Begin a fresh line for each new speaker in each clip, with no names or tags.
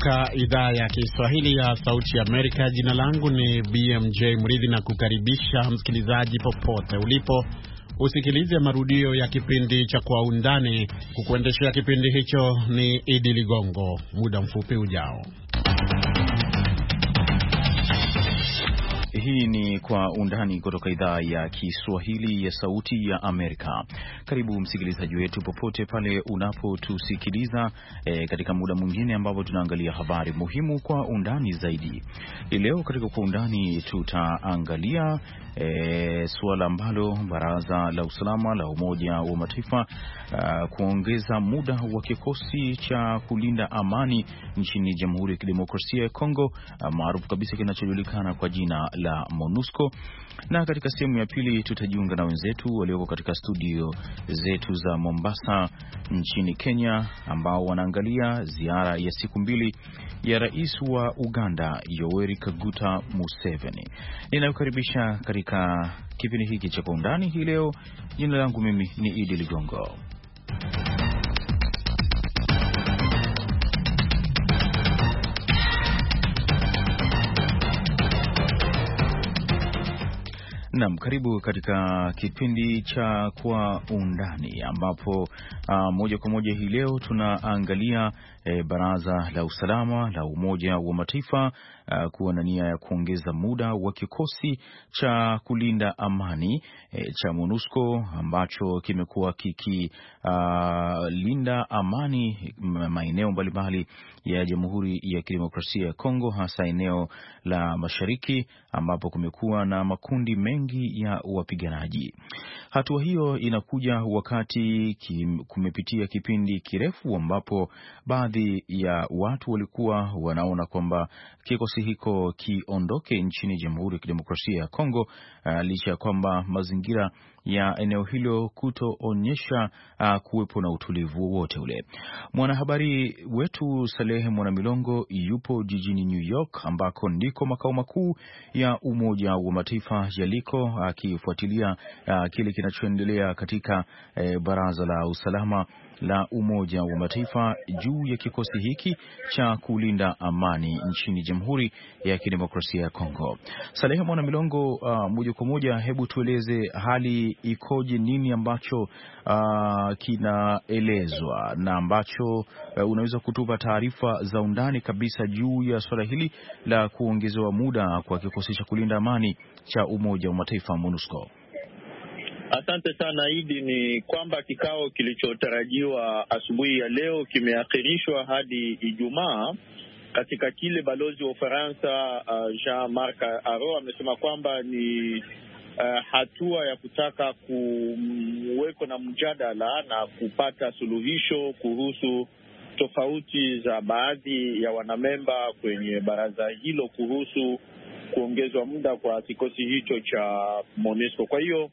kutoka idhaa ya Kiswahili ya Sauti ya Amerika. Jina langu ni BMJ Mridhi na kukaribisha msikilizaji popote ulipo usikilize marudio ya kipindi cha Kwa Undani. Kukuendeshea kipindi hicho ni Idi Ligongo muda mfupi ujao.
Hii ni Kwa Undani kutoka idhaa ya Kiswahili ya Sauti ya Amerika. Karibu msikilizaji wetu popote pale unapotusikiliza e, katika muda mwingine ambapo tunaangalia habari muhimu kwa undani zaidi. Leo katika Kwa Undani tutaangalia e, suala ambalo baraza la usalama la Umoja wa Mataifa ah, kuongeza muda wa kikosi cha kulinda amani nchini Jamhuri ya Kidemokrasia ya Kongo ah, maarufu kabisa kinachojulikana kwa jina la MONUSCO. Na katika sehemu ya pili tutajiunga na wenzetu walioko katika studio zetu za Mombasa nchini Kenya, ambao wanaangalia ziara ya siku mbili ya rais wa Uganda Yoweri Kaguta Museveni. Ninayokaribisha katika katika kipindi hiki cha Kwa Undani hii leo. Jina langu mimi ni Idi Ligongo. Nam, karibu katika kipindi cha Kwa Undani ambapo ah, moja kwa moja hii leo tunaangalia e, Baraza la Usalama la Umoja wa Mataifa a, e, kuwa na nia ya kuongeza muda wa kikosi cha kulinda amani e, cha MONUSCO ambacho kimekuwa kikilinda amani maeneo mbalimbali ya Jamhuri ya Kidemokrasia ya Kongo, hasa eneo la mashariki ambapo kumekuwa na makundi mengi ya wapiganaji. Hatua hiyo inakuja wakati kim, kumepitia kipindi kirefu ambapo baadhi baadhi ya watu walikuwa wanaona kwamba kikosi hiko kiondoke nchini Jamhuri ya Kidemokrasia ya Kongo, uh, licha ya kwamba mazingira ya eneo hilo kutoonyesha uh, kuwepo na utulivu wowote ule. Mwanahabari wetu Salehe Mwanamilongo yupo jijini New York ambako ndiko makao makuu ya Umoja wa Mataifa yaliko, akifuatilia uh, uh, kile kinachoendelea katika uh, Baraza la Usalama la Umoja wa Mataifa juu ya kikosi hiki cha kulinda amani nchini Jamhuri ya Kidemokrasia ya Kongo. Salehe Mwana Milongo, uh, moja kwa moja, hebu tueleze hali ikoje, nini ambacho uh, kinaelezwa na ambacho uh, unaweza kutupa taarifa za undani kabisa juu ya suala hili la kuongezewa muda kwa kikosi cha kulinda amani cha Umoja wa Mataifa MONUSCO.
Asante sana Idi. Ni kwamba kikao kilichotarajiwa asubuhi ya leo kimeakhirishwa hadi Ijumaa katika kile balozi wa Ufaransa uh, Jean Marc aro amesema kwamba ni uh, hatua ya kutaka kuweko na mjadala na kupata suluhisho kuhusu tofauti za baadhi ya wanamemba kwenye baraza hilo kuhusu kuongezwa muda kwa kikosi hicho cha MONUSCO. Kwa hiyo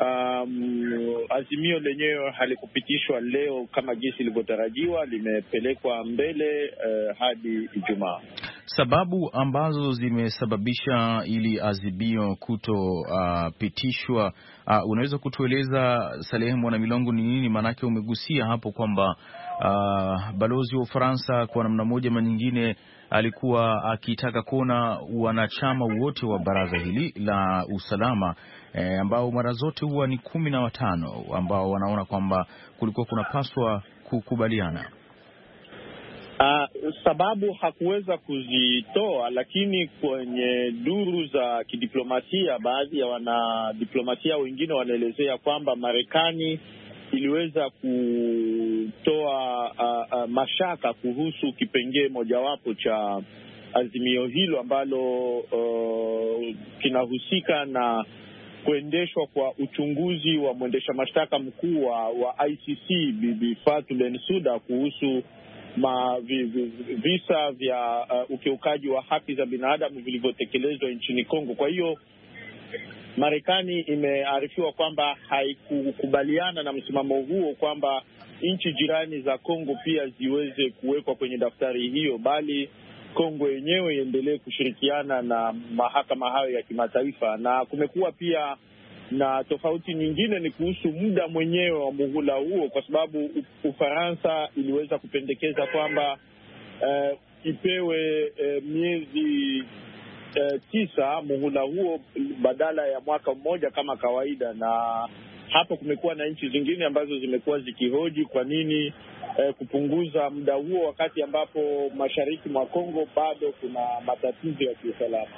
Um, azimio lenyewe halikupitishwa leo kama jinsi ilivyotarajiwa, limepelekwa mbele uh, hadi Ijumaa.
Sababu ambazo zimesababisha ili azimio kutopitishwa uh, uh, unaweza kutueleza Salehe Mwana Milongo, ni nini maanake? Umegusia hapo kwamba uh, balozi wa Ufaransa kwa namna moja ama nyingine alikuwa akitaka kuona wanachama wote wa baraza hili la usalama e, ambao mara zote huwa ni kumi na watano ambao wanaona kwamba kulikuwa kunapaswa kukubaliana.
Uh, ah, sababu hakuweza kuzitoa, lakini kwenye duru za kidiplomasia, baadhi ya wanadiplomasia wengine wanaelezea kwamba Marekani iliweza kutoa uh, uh, mashaka kuhusu kipengee mojawapo cha azimio hilo ambalo uh, kinahusika na kuendeshwa kwa uchunguzi wa mwendesha mashtaka mkuu wa, wa ICC Bibi ben suda kuhusu ma, vi, vi, visa vya uh, ukiukaji wa haki za binadamu vilivyotekelezwa nchini Kongo. Kwa hiyo Marekani imearifiwa kwamba haikukubaliana na msimamo huo kwamba nchi jirani za Kongo pia ziweze kuwekwa kwenye daftari hiyo, bali Kongo yenyewe iendelee kushirikiana na mahakama hayo ya kimataifa. Na kumekuwa pia na tofauti nyingine ni kuhusu muda mwenyewe wa muhula huo, kwa sababu Ufaransa iliweza kupendekeza kwamba uh, ipewe uh, miezi uh, tisa muhula huo badala ya mwaka mmoja kama kawaida, na hapo kumekuwa na nchi zingine ambazo zimekuwa zikihoji kwa nini eh, kupunguza muda huo, wakati ambapo mashariki mwa Kongo bado kuna matatizo ya kiusalama.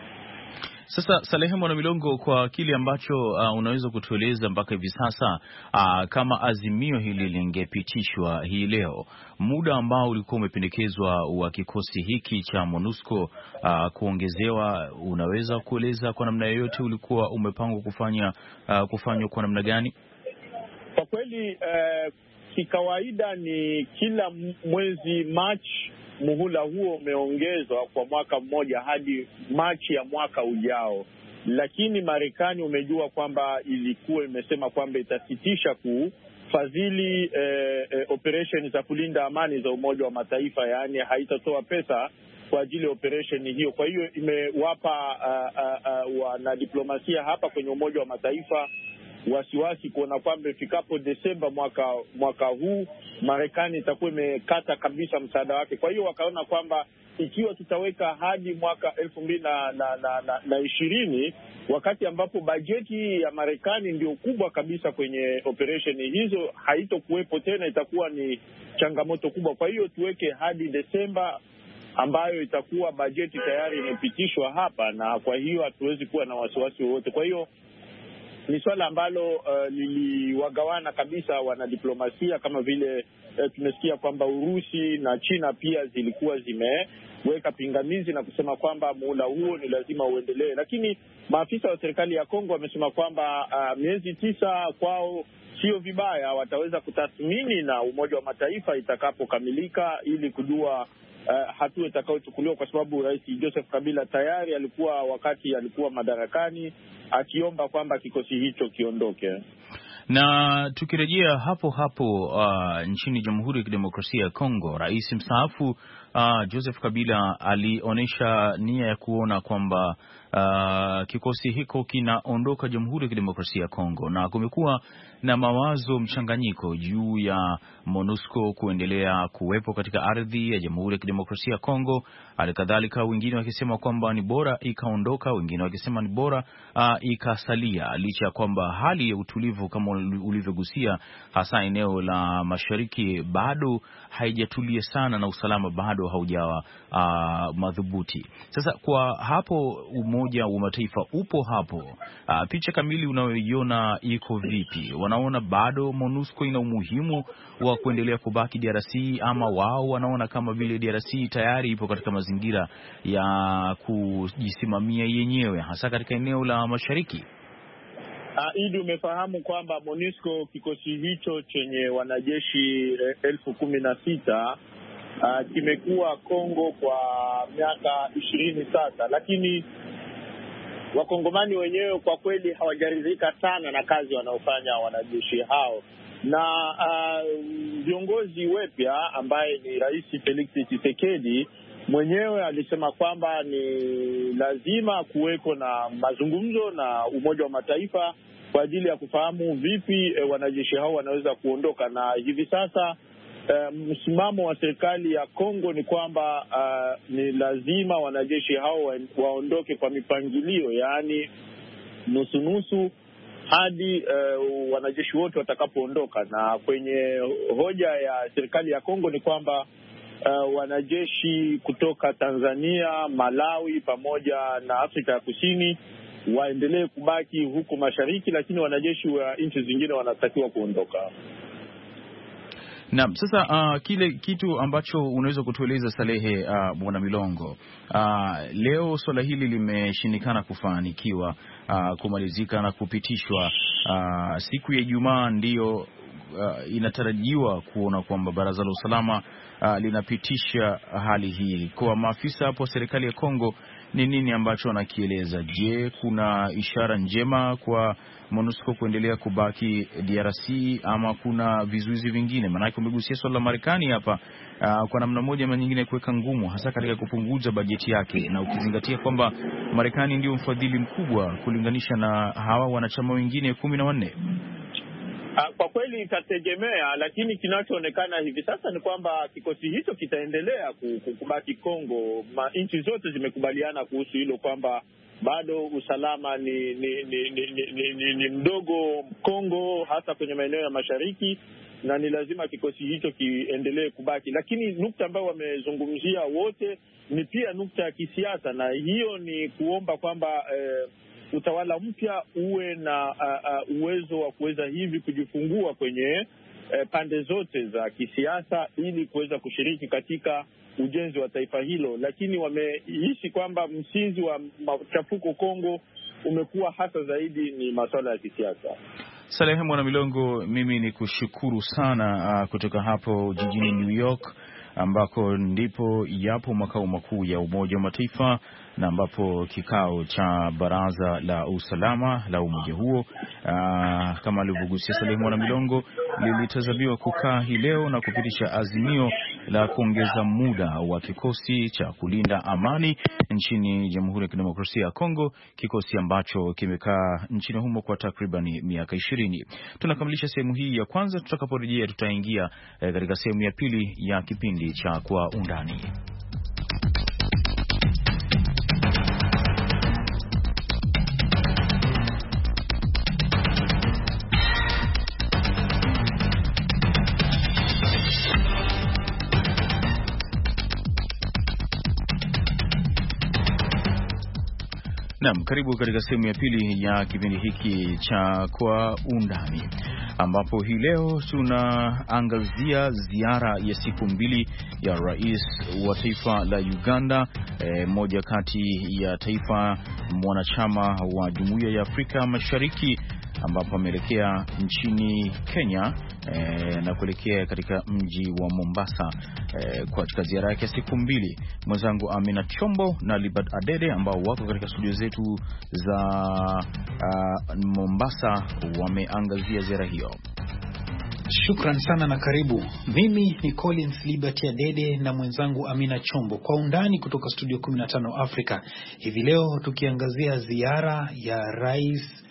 Sasa Salehe Mwana Milongo, kwa kile ambacho uh, unaweza kutueleza mpaka hivi sasa uh, kama azimio hili lingepitishwa hii leo, muda ambao ulikuwa umependekezwa wa kikosi hiki cha MONUSCO uh, kuongezewa, unaweza kueleza kwa namna yoyote ulikuwa umepangwa kufanya uh, kufanywa kwa namna gani?
Kwa kweli uh, kikawaida ni kila mwezi Machi. Muhula huo umeongezwa kwa mwaka mmoja hadi Machi ya mwaka ujao, lakini Marekani umejua kwamba ilikuwa imesema kwamba itasitisha kufadhili eh, eh, operesheni za kulinda amani za Umoja wa Mataifa, yaani haitatoa pesa kwa ajili ya operesheni hiyo. Kwa hiyo imewapa uh, uh, uh, wanadiplomasia hapa kwenye Umoja wa Mataifa wasiwasi kuona kwamba ifikapo Desemba mwaka mwaka huu Marekani itakuwa imekata kabisa msaada wake. Kwa hiyo wakaona kwamba ikiwa tutaweka hadi mwaka elfu mbili na, na, na, na, na ishirini wakati ambapo bajeti ya Marekani ndio kubwa kabisa kwenye operesheni hizo haitokuwepo tena, itakuwa ni changamoto kubwa. Kwa hiyo tuweke hadi Desemba ambayo itakuwa bajeti tayari imepitishwa hapa, na kwa hiyo hatuwezi kuwa na wasiwasi wowote. Kwa hiyo ni swala ambalo uh, liliwagawana kabisa wanadiplomasia kama vile uh, tumesikia kwamba Urusi na China pia zilikuwa zimeweka pingamizi na kusema kwamba muhula huo ni lazima uendelee, lakini maafisa wa serikali ya Kongo wamesema kwamba uh, miezi tisa kwao sio vibaya, wataweza kutathmini na Umoja wa Mataifa itakapokamilika ili kujua uh, hatua itakayochukuliwa, kwa sababu Rais Joseph Kabila tayari alikuwa wakati alikuwa madarakani akiomba kwamba kikosi hicho kiondoke.
Na tukirejea hapo hapo uh, nchini Jamhuri ya Kidemokrasia ya Kongo, rais mstaafu uh, Joseph Kabila alionyesha nia ya kuona kwamba uh, kikosi hiko kinaondoka Jamhuri ya Kidemokrasia ya Kongo, na kumekuwa na mawazo mchanganyiko juu ya MONUSCO kuendelea kuwepo katika ardhi ya Jamhuri ya Kidemokrasia ya Kongo. hali kadhalika wengine wakisema kwamba ni bora ikaondoka, wengine wakisema ni bora uh, ikasalia, licha ya kwamba hali ya utulivu kama ulivyogusia, hasa eneo la mashariki bado haijatulia sana na usalama bado haujawa uh, madhubuti. Sasa kwa hapo, Umoja wa Mataifa upo hapo, uh, picha kamili unayoiona iko vipi? wanaona bado MONUSCO ina umuhimu wa kuendelea kubaki DRC ama wao wanaona kama vile DRC tayari ipo katika mazingira ya kujisimamia yenyewe hasa katika eneo la mashariki?
Ah, Idi, umefahamu kwamba MONUSCO kikosi hicho chenye wanajeshi elfu kumi na sita ah, kimekuwa Kongo kwa miaka ishirini sasa, lakini Wakongomani wenyewe kwa kweli hawajaridhika sana na kazi wanaofanya wanajeshi hao na uh, viongozi uh, wepya ambaye ni Rais Felix Tshisekedi mwenyewe alisema kwamba ni lazima kuweko na mazungumzo na Umoja wa Mataifa kwa ajili ya kufahamu vipi eh, wanajeshi hao wanaweza kuondoka, na hivi sasa Uh, msimamo wa serikali ya Kongo ni kwamba uh, ni lazima wanajeshi hao wa, waondoke kwa mipangilio, yaani nusunusu hadi uh, wanajeshi wote watakapoondoka. Na kwenye hoja ya serikali ya Kongo ni kwamba uh, wanajeshi kutoka Tanzania, Malawi pamoja na Afrika ya Kusini waendelee kubaki huko mashariki, lakini wanajeshi wa nchi zingine wanatakiwa kuondoka.
Naam, sasa uh, kile kitu ambacho unaweza kutueleza Salehe uh, Bwana Milongo uh, leo suala hili limeshindikana kufanikiwa uh, kumalizika na kupitishwa uh, siku ya Ijumaa ndiyo Uh, inatarajiwa kuona kwamba baraza la usalama uh, linapitisha hali hii kwa maafisa hapo serikali ya Kongo ni nini ambacho anakieleza? Je, kuna ishara njema kwa MONUSCO kuendelea kubaki DRC ama kuna vizuizi vingine? Maanake umegusia swala la Marekani hapa, uh, kwa namna moja ama nyingine kuweka ngumu, hasa katika kupunguza bajeti yake, na ukizingatia kwamba Marekani ndio mfadhili mkubwa kulinganisha na hawa wanachama wengine kumi na wanne.
Ah, kwa kweli itategemea, lakini kinachoonekana hivi sasa ni kwamba kikosi hicho kitaendelea kubaki Kongo. Nchi zote zimekubaliana kuhusu hilo kwamba bado usalama ni ni, ni, ni, ni, ni, ni mdogo Kongo, hasa kwenye maeneo ya mashariki, na ni lazima kikosi hicho kiendelee kubaki. Lakini nukta ambayo wamezungumzia wote ni pia nukta ya kisiasa, na hiyo ni kuomba kwamba eh, utawala mpya uwe na uh, uh, uwezo wa kuweza hivi kujifungua kwenye uh, pande zote za kisiasa ili kuweza kushiriki katika ujenzi wa taifa hilo, lakini wameishi kwamba msingi wa machafuko Kongo umekuwa hasa zaidi ni masuala ya kisiasa.
Salehe Mwana Milongo, mimi ni kushukuru sana uh, kutoka hapo jijini New York ambako ndipo yapo makao makuu ya Umoja wa Mataifa na ambapo kikao cha baraza la usalama la umoja huo aa, ah, kama alivyogusia Saleh Mwana Milongo lilitazamiwa kukaa hii leo na kupitisha azimio la kuongeza muda wa kikosi cha kulinda amani nchini Jamhuri ya Kidemokrasia ya Kongo, kikosi ambacho kimekaa nchini humo kwa takriban miaka ishirini. Tunakamilisha sehemu hii ya kwanza. Tutakaporejea tutaingia eh, katika sehemu ya pili ya kipindi cha Kwa Undani. Naam, karibu katika sehemu ya pili ya kipindi hiki cha Kwa Undani, ambapo hii leo tunaangazia ziara ya siku mbili ya rais wa taifa la Uganda, e, moja kati ya taifa mwanachama wa Jumuiya ya Afrika Mashariki ambapo ameelekea nchini Kenya e, na kuelekea katika mji wa Mombasa e, katika ziara yake ya siku mbili. Mwenzangu Amina Chombo na Libert Adede ambao wako katika studio zetu za a, ah, Mombasa wameangazia ziara hiyo. Shukran sana na karibu. Mimi ni Collins Liberty
Adede na mwenzangu Amina Chombo, kwa undani kutoka studio 15 Africa hivi leo, tukiangazia ziara ya Rais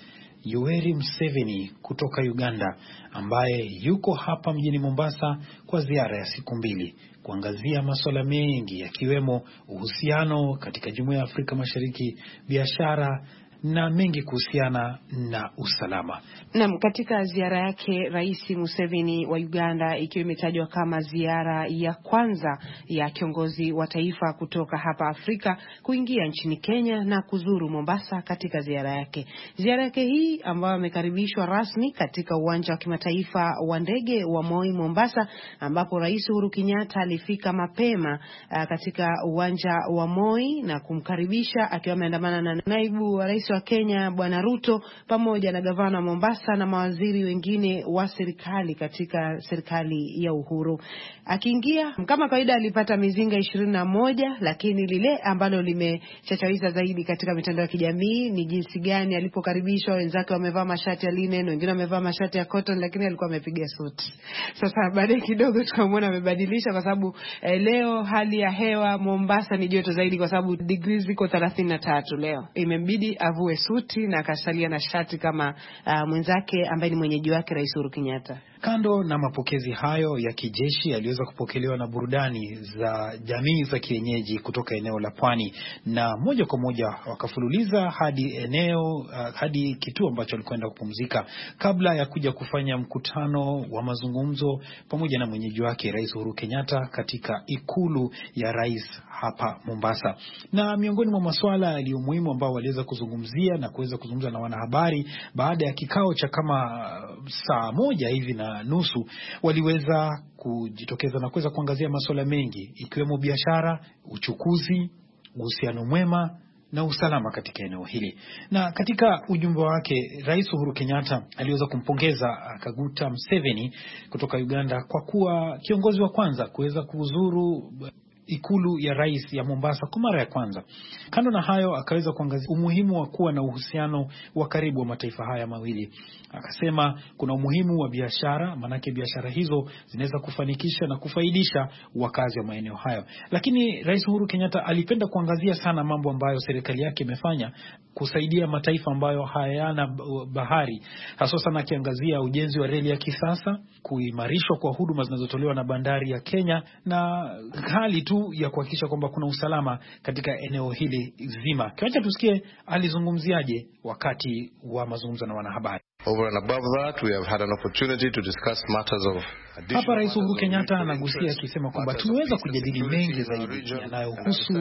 Yoweri Museveni kutoka Uganda ambaye yuko hapa mjini Mombasa kwa ziara ya siku mbili kuangazia masuala mengi yakiwemo uhusiano katika Jumuiya ya Afrika Mashariki, biashara na mengi kuhusiana na usalama.
Naam, katika ziara yake Rais Museveni wa Uganda, ikiwa imetajwa kama ziara ya kwanza ya kiongozi wa taifa kutoka hapa Afrika kuingia nchini Kenya na kuzuru Mombasa katika ziara yake. Ziara yake hii ambayo amekaribishwa rasmi katika uwanja wa kimataifa wa ndege wa Moi Mombasa, ambapo Rais Uhuru Kenyatta alifika mapema uh, katika uwanja wa Moi na kumkaribisha akiwa ameandamana na naibu wa rais wa Kenya Bwana Ruto pamoja na gavana wa Mombasa na mawaziri wengine wa serikali katika serikali ya Uhuru. Akiingia kama kawaida, alipata mizinga ishirini na moja, lakini lile ambalo limechachawiza zaidi katika mitandao ya kijamii ni jinsi gani alipokaribishwa, wenzake wamevaa mashati ya linen, wengine wamevaa mashati ya cotton, lakini alikuwa amepiga suti. Sasa baadaye kidogo tukamwona amebadilisha, kwa sababu eh, leo hali ya hewa Mombasa ni joto zaidi, kwa sababu digrii ziko thelathini na tatu leo imembidi avu avue suti na akasalia na shati kama uh, mwenzake ambaye ni mwenyeji wake Rais Uhuru Kenyatta.
Kando na mapokezi hayo ya kijeshi yaliweza kupokelewa na burudani za jamii za kienyeji kutoka eneo la pwani, na moja kwa moja wakafululiza hadi eneo uh, hadi kituo ambacho walikwenda kupumzika kabla ya kuja kufanya mkutano wa mazungumzo pamoja na mwenyeji wake Rais Uhuru Kenyatta katika ikulu ya rais hapa Mombasa. Na miongoni mwa masuala yaliyo muhimu ambao waliweza kuzungumzia na kuweza kuzungumza na wanahabari baada ya kikao cha kama uh, saa moja hivi na nusu waliweza kujitokeza na kuweza kuangazia masuala mengi ikiwemo biashara, uchukuzi, uhusiano mwema na usalama katika eneo hili. Na katika ujumbe wake, Rais Uhuru Kenyatta aliweza kumpongeza ah, Kaguta Museveni kutoka Uganda kwa kuwa kiongozi wa kwanza kuweza kuzuru ikulu ya rais ya Mombasa kwa mara ya kwanza. Kando na hayo, akaweza kuangazia umuhimu wa kuwa na uhusiano wa karibu wa mataifa haya mawili. Akasema kuna umuhimu wa biashara, maanake biashara hizo zinaweza kufanikisha na kufaidisha wakazi wa maeneo hayo. Lakini Rais Uhuru Kenyatta alipenda kuangazia sana mambo ambayo serikali yake imefanya kusaidia mataifa ambayo hayana bahari, hasa sana akiangazia ujenzi wa reli ya kisasa, kuimarishwa kwa huduma zinazotolewa na bandari ya Kenya na hali tu ya kuhakikisha kwamba kuna usalama katika eneo hili zima. Kiwacha tusikie alizungumziaje wakati wa mazungumzo na wanahabari.
Over and above that, we have had an opportunity to discuss matters of
hapa. Rais Uhuru Kenyatta anagusia akisema kwamba tumeweza kujadili mengi zaidi yanayohusu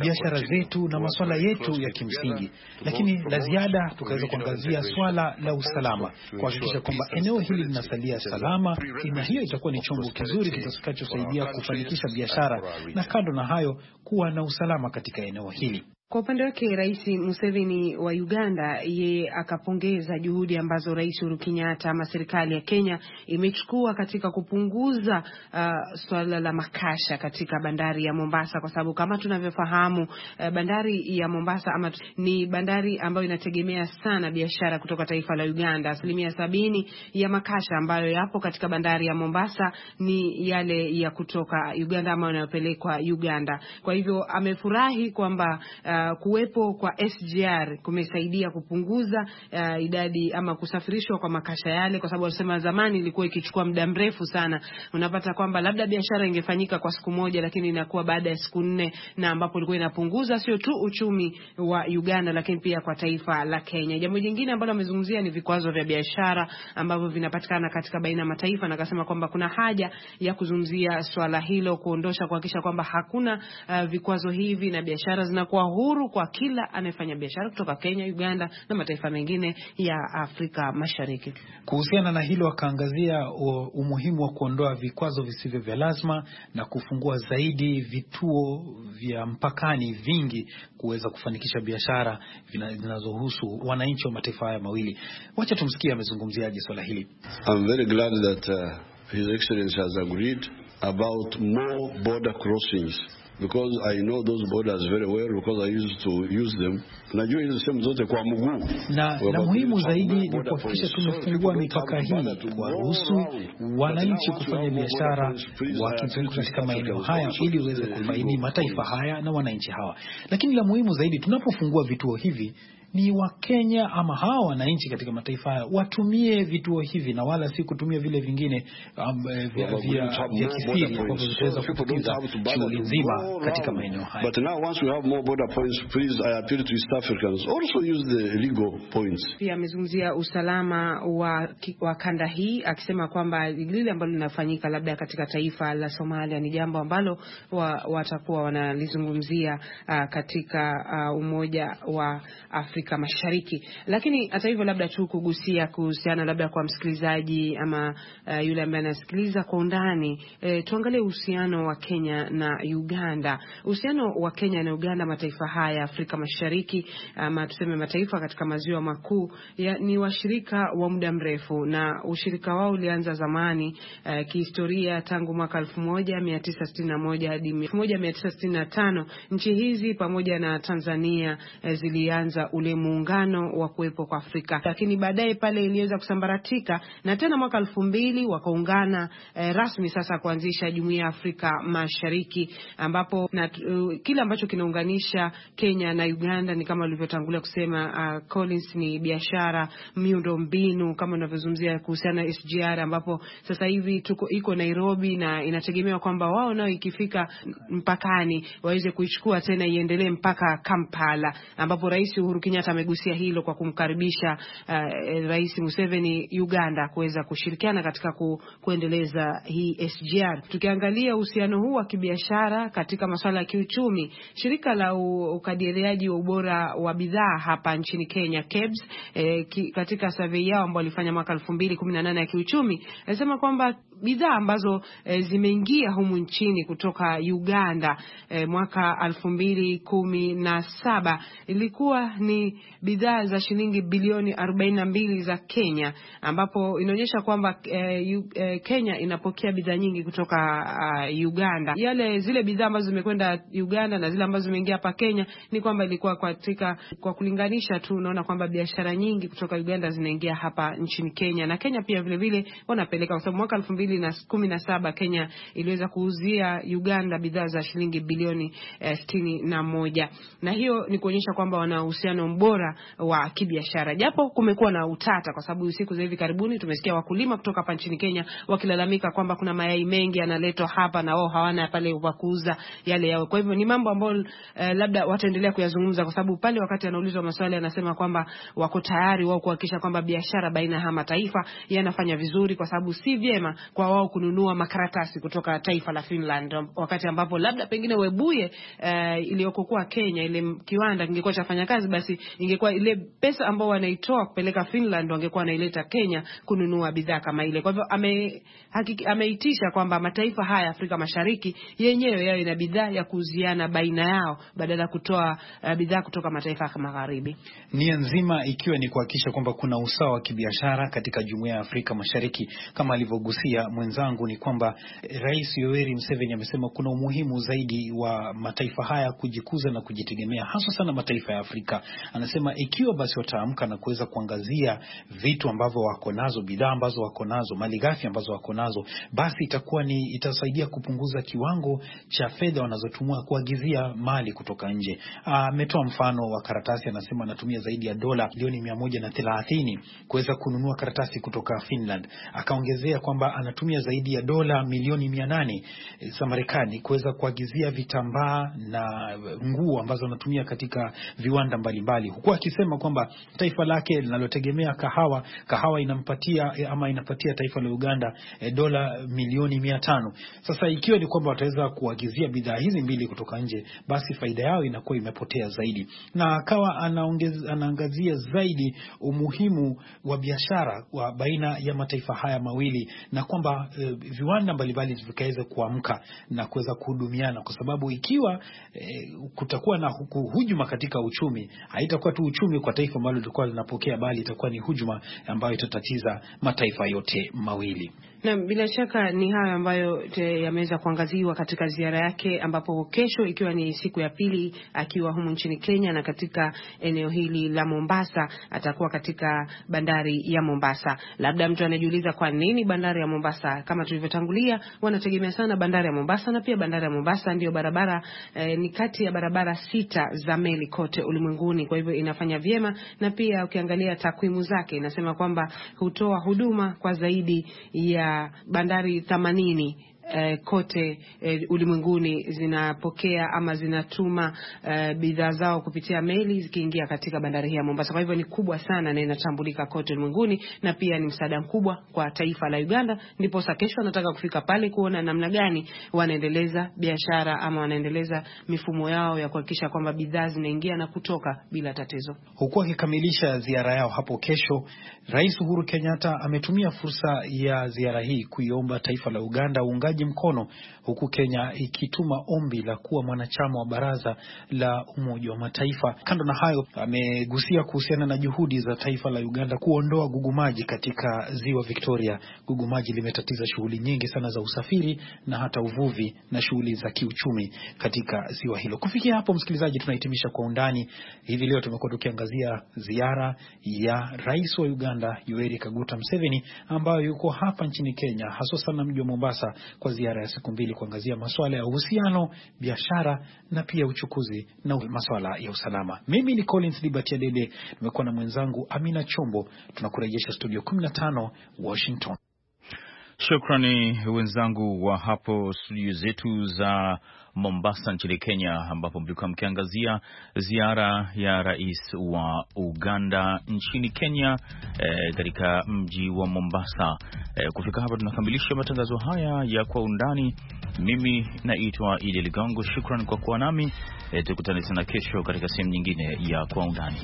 biashara zetu na masuala yetu ya kimsingi, lakini la ziada tukaweza kuangazia swala la usalama, kuhakikisha kwamba eneo hili linasalia salama, na hiyo itakuwa ni chombo kizuri kitakachosaidia kufanikisha biashara, na kando na hayo, kuwa na usalama katika eneo hili.
Kwa upande wake Rais Museveni wa Uganda yeye akapongeza juhudi ambazo Rais Uhuru Kenyatta ama serikali ya Kenya imechukua katika kupunguza uh, swala la makasha katika bandari ya Mombasa, kwa sababu kama tunavyofahamu uh, bandari ya Mombasa ama ni bandari ambayo inategemea sana biashara kutoka taifa la Uganda. Asilimia sabini ya makasha ambayo yapo katika bandari ya Mombasa ni yale ya kutoka Uganda ama yanayopelekwa Uganda. Kwa hivyo amefurahi kwamba uh, Uh, kuwepo kwa SGR kumesaidia kupunguza uh, idadi ama kusafirishwa kwa makasha yale, kwa sababu wanasema zamani ilikuwa ikichukua muda mrefu sana. Unapata kwamba labda biashara ingefanyika kwa siku moja, lakini inakuwa baada ya siku nne, na ambapo ilikuwa inapunguza sio tu uchumi wa Uganda, lakini pia kwa taifa la Kenya. Jambo jingine ambalo amezungumzia ni vikwazo vya biashara ambavyo vinapatikana katika baina ya mataifa, na akasema kwamba kuna haja ya kuzungumzia swala hilo, kuondosha, kuhakikisha kwamba hakuna uh, vikwazo hivi na biashara zinakuwa huru uhuru kwa kila anayefanya biashara kutoka Kenya, Uganda na mataifa mengine ya Afrika Mashariki. Kuhusiana
na hilo, akaangazia umuhimu wa kuondoa vikwazo visivyo vya lazima na kufungua zaidi vituo vya mpakani vingi kuweza kufanikisha biashara zinazohusu wananchi wa mataifa haya mawili. Wacha tumsikie amezungumziaje swala hili.
I'm very glad that uh, His Excellency has agreed about more border crossings because I know those borders very well because I used to use them. Najua hizo sehemu zote kwa mguu,
na na muhimu zaidi ni kuhakikisha tumefungua mipaka hii kuwaruhusu wananchi kufanya biashara wakivuka katika maeneo haya, ili uweze kufaidi mataifa haya na wananchi hawa. Lakini la muhimu zaidi tunapofungua vituo hivi ni Wakenya ama hawa wananchi katika mataifa haya watumie vituo hivi na wala si kutumia vile vingine um, vya, kisiri ambavyo vitaweza
shughuli nzima katika maeneo
haya. But now once we have more border points, please I appeal to East Africans also use the legal points.
Pia amezungumzia usalama wa, wa kanda hii akisema kwamba lile ambalo linafanyika labda katika taifa la Somalia ni jambo ambalo watakuwa wanalizungumzia uh, katika uh, Umoja wa Afrika Afrika Mashariki. Lakini hata hivyo, labda tu kugusia kuhusiana labda kwa msikilizaji ama uh, yule ambaye anasikiliza kwa undani e, tuangalie uhusiano wa Kenya na Uganda. Uhusiano wa Kenya na Uganda, mataifa haya ya Afrika Mashariki ama tuseme mataifa katika maziwa makuu ni washirika wa muda mrefu, na ushirika wao ulianza zamani uh, kihistoria tangu mwaka 1961 hadi 1965 nchi hizi pamoja na Tanzania zilianza ule ule muungano wa kuwepo kwa Afrika, lakini baadaye pale iliweza kusambaratika na tena mwaka elfu mbili wakaungana eh, rasmi sasa kuanzisha jumuia ya Afrika Mashariki ambapo na, uh, kile ambacho kinaunganisha Kenya na Uganda ni kama ulivyotangulia kusema uh, Collins, ni biashara, miundo mbinu kama unavyozungumzia kuhusiana na SGR ambapo sasa hivi tuko iko Nairobi na inategemewa kwamba wao nao ikifika mpakani waweze kuichukua tena iendelee mpaka Kampala ambapo Rais Uhuru Kenyatta Kenyatta amegusia hilo kwa kumkaribisha uh, Rais Museveni Uganda kuweza kushirikiana katika ku, kuendeleza hii SGR. Tukiangalia uhusiano huu wa kibiashara katika masuala ya kiuchumi, shirika la ukadiriaji wa ubora wa bidhaa hapa nchini Kenya KEBS, eh, ki, katika survey yao ambao walifanya mwaka 2018 ya kiuchumi, anasema kwamba bidhaa ambazo e, zimeingia humu nchini kutoka Uganda e, mwaka elfu mbili kumi na saba ilikuwa ni bidhaa za shilingi bilioni arobaini na mbili za Kenya, ambapo inaonyesha kwamba e, e, Kenya inapokea bidhaa nyingi kutoka uh, Uganda. Yale zile bidhaa ambazo zimekwenda Uganda na zile ambazo zimeingia hapa Kenya ni kwamba ilikuwa katika kwa kulinganisha tu, unaona kwamba biashara nyingi kutoka Uganda zinaingia hapa nchini Kenya na Kenya pia vilevile vile wanapeleka kwa sababu mwaka elfu mbili mbili na kumi na saba Kenya iliweza kuuzia Uganda bidhaa za shilingi bilioni eh, sitini na moja na hiyo ni kuonyesha kwamba wana uhusiano mbora wa kibiashara, japo kumekuwa na utata, kwa sababu siku za hivi karibuni tumesikia wakulima kutoka hapa nchini Kenya wakilalamika kwamba kuna mayai mengi yanaletwa hapa na wao hawana pale wa kuuza yale yao. Kwa hivyo ni mambo ambayo eh, labda wataendelea kuyazungumza, kwa sababu pale wakati anaulizwa maswali anasema kwamba wako tayari wao kuhakikisha kwamba biashara baina ya mataifa yanafanya vizuri, kwa sababu si vyema kwa wao kununua makaratasi kutoka taifa la Finland, wakati ambapo labda pengine Webuye uh, eh, iliyokuwa Kenya ile kiwanda ingekuwa chafanya kazi, basi ingekuwa ile pesa ambao wanaitoa kupeleka Finland wangekuwa wanaileta Kenya kununua bidhaa kama ile. Kwa hivyo ameitisha ame, kwamba mataifa haya Afrika Mashariki yenyewe yao ina bidhaa ya kuuziana baina yao badala ya kutoa uh, bidhaa kutoka mataifa ya magharibi.
Nia nzima ikiwa ni kuhakikisha kwamba kuna usawa wa kibiashara katika Jumuiya ya Afrika Mashariki kama alivyogusia mwenzangu ni kwamba eh, Rais Yoweri Museveni amesema kuna umuhimu zaidi wa mataifa haya kujikuza na kujitegemea, haswa sana mataifa ya Afrika. Anasema ikiwa basi wataamka na kuweza kuangazia vitu ambavyo wako nazo, bidhaa ambazo wako nazo, malighafi ambazo wako nazo, basi itakuwa ni itasaidia kupunguza kiwango cha fedha wanazotumia kuagizia mali kutoka nje. Ah, ametoa mfano wa karatasi, anasema anatumia zaidi ya dola milioni mia moja na thelathini kuweza kununua karatasi kutoka Finland. Akaongezea kwamba ana watatumia zaidi ya dola milioni mia nane eh, za Marekani kuweza kuagizia vitambaa na eh, nguo ambazo wanatumia katika viwanda mbalimbali, huku akisema kwamba taifa lake linalotegemea kahawa, kahawa inampatia eh, ama inapatia taifa la Uganda dola milioni mia tano. Sasa ikiwa ni kwamba wataweza kuagizia bidhaa hizi mbili kutoka nje, basi faida yao inakuwa imepotea zaidi, na akawa anaangazia zaidi umuhimu wa biashara wa baina ya mataifa haya mawili na kwa kwamba e, viwanda mbalimbali vikaweza kuamka na kuweza kuhudumiana, kwa sababu ikiwa e, kutakuwa na hujuma katika uchumi, haitakuwa tu uchumi kwa taifa ambalo lilikuwa linapokea, bali itakuwa ni hujuma ambayo itatatiza mataifa yote mawili.
Na bila shaka ni hayo ambayo yameweza kuangaziwa katika ziara yake, ambapo kesho ikiwa ni siku ya pili akiwa humu nchini Kenya na katika eneo hili la Mombasa, atakuwa katika bandari ya Mombasa. Labda mtu anajiuliza kwa nini bandari ya Mombasa? Kama tulivyotangulia, wanategemea sana bandari ya Mombasa, na pia bandari ya Mombasa ndio barabara eh, ni kati ya barabara sita za meli kote ulimwenguni, kwa hivyo inafanya vyema, na pia ukiangalia takwimu zake inasema kwamba hutoa huduma kwa zaidi ya bandari themanini eh, kote eh, ulimwenguni zinapokea ama zinatuma eh, bidhaa zao kupitia meli zikiingia katika bandari hii ya Mombasa. Kwa hivyo ni kubwa sana na inatambulika kote ulimwenguni na pia ni msaada mkubwa kwa taifa la Uganda. Ndipo sasa kesho nataka kufika pale kuona namna gani wanaendeleza biashara ama wanaendeleza mifumo yao ya kuhakikisha kwamba bidhaa zinaingia na kutoka bila tatizo.
Huku akikamilisha ziara yao hapo kesho, Rais Uhuru Kenyatta ametumia fursa ya ziara hii kuiomba taifa la Uganda uungaji uungaji mkono huku Kenya ikituma ombi la kuwa mwanachama wa baraza la Umoja wa Mataifa. Kando na hayo, amegusia kuhusiana na juhudi za taifa la Uganda kuondoa gugumaji katika ziwa Victoria. Gugumaji limetatiza shughuli nyingi sana za usafiri na hata uvuvi na shughuli za kiuchumi katika ziwa hilo. Kufikia hapo, msikilizaji, tunahitimisha kwa undani hivi leo. Tumekuwa tukiangazia ziara ya rais wa Uganda Yoweri Kaguta Museveni ambayo yuko hapa nchini Kenya, haswa sana mji wa Mombasa kwa ziara ya siku mbili kuangazia masuala ya uhusiano, biashara na pia uchukuzi na masuala ya usalama. Mimi ni Collins Liberty nimekuwa na mwenzangu Amina Chombo. Tunakurejesha studio 15 Washington.
Shukrani wenzangu wa hapo studio zetu za Mombasa nchini Kenya, ambapo mlikuwa mkiangazia ziara ya rais wa Uganda nchini Kenya eh, katika e, mji wa Mombasa. E, kufika hapa tunakamilisha matangazo haya ya kwa undani. Mimi naitwa Idi Ligongo, shukran kwa kuwa nami. E, tukutane tena kesho katika sehemu nyingine ya kwa undani.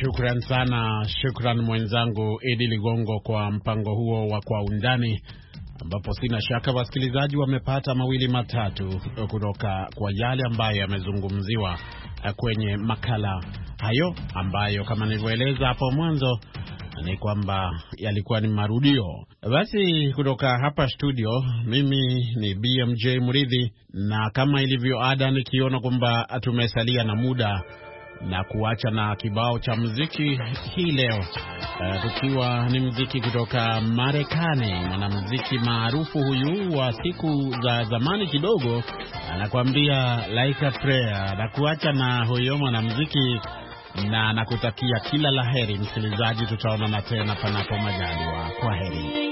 Shukran sana, shukran mwenzangu Idi Ligongo kwa mpango huo wa Kwa Undani, ambapo sina shaka wasikilizaji wamepata mawili matatu kutoka kwa yale ambayo yamezungumziwa kwenye makala hayo, ambayo kama nilivyoeleza hapo mwanzo ni kwamba yalikuwa ni marudio. Basi kutoka hapa studio, mimi ni BMJ Mridhi, na kama ilivyo ada, nikiona kwamba tumesalia na muda na kuacha na kibao cha muziki hii leo eh, tukiwa uh, ni muziki kutoka Marekani. Mwanamuziki maarufu huyu wa siku za zamani kidogo anakuambia like a prayer, na kuacha na huyo mwanamuziki na nakutakia kila la heri msikilizaji, tutaonana tena panapo majaliwa. Kwa heri.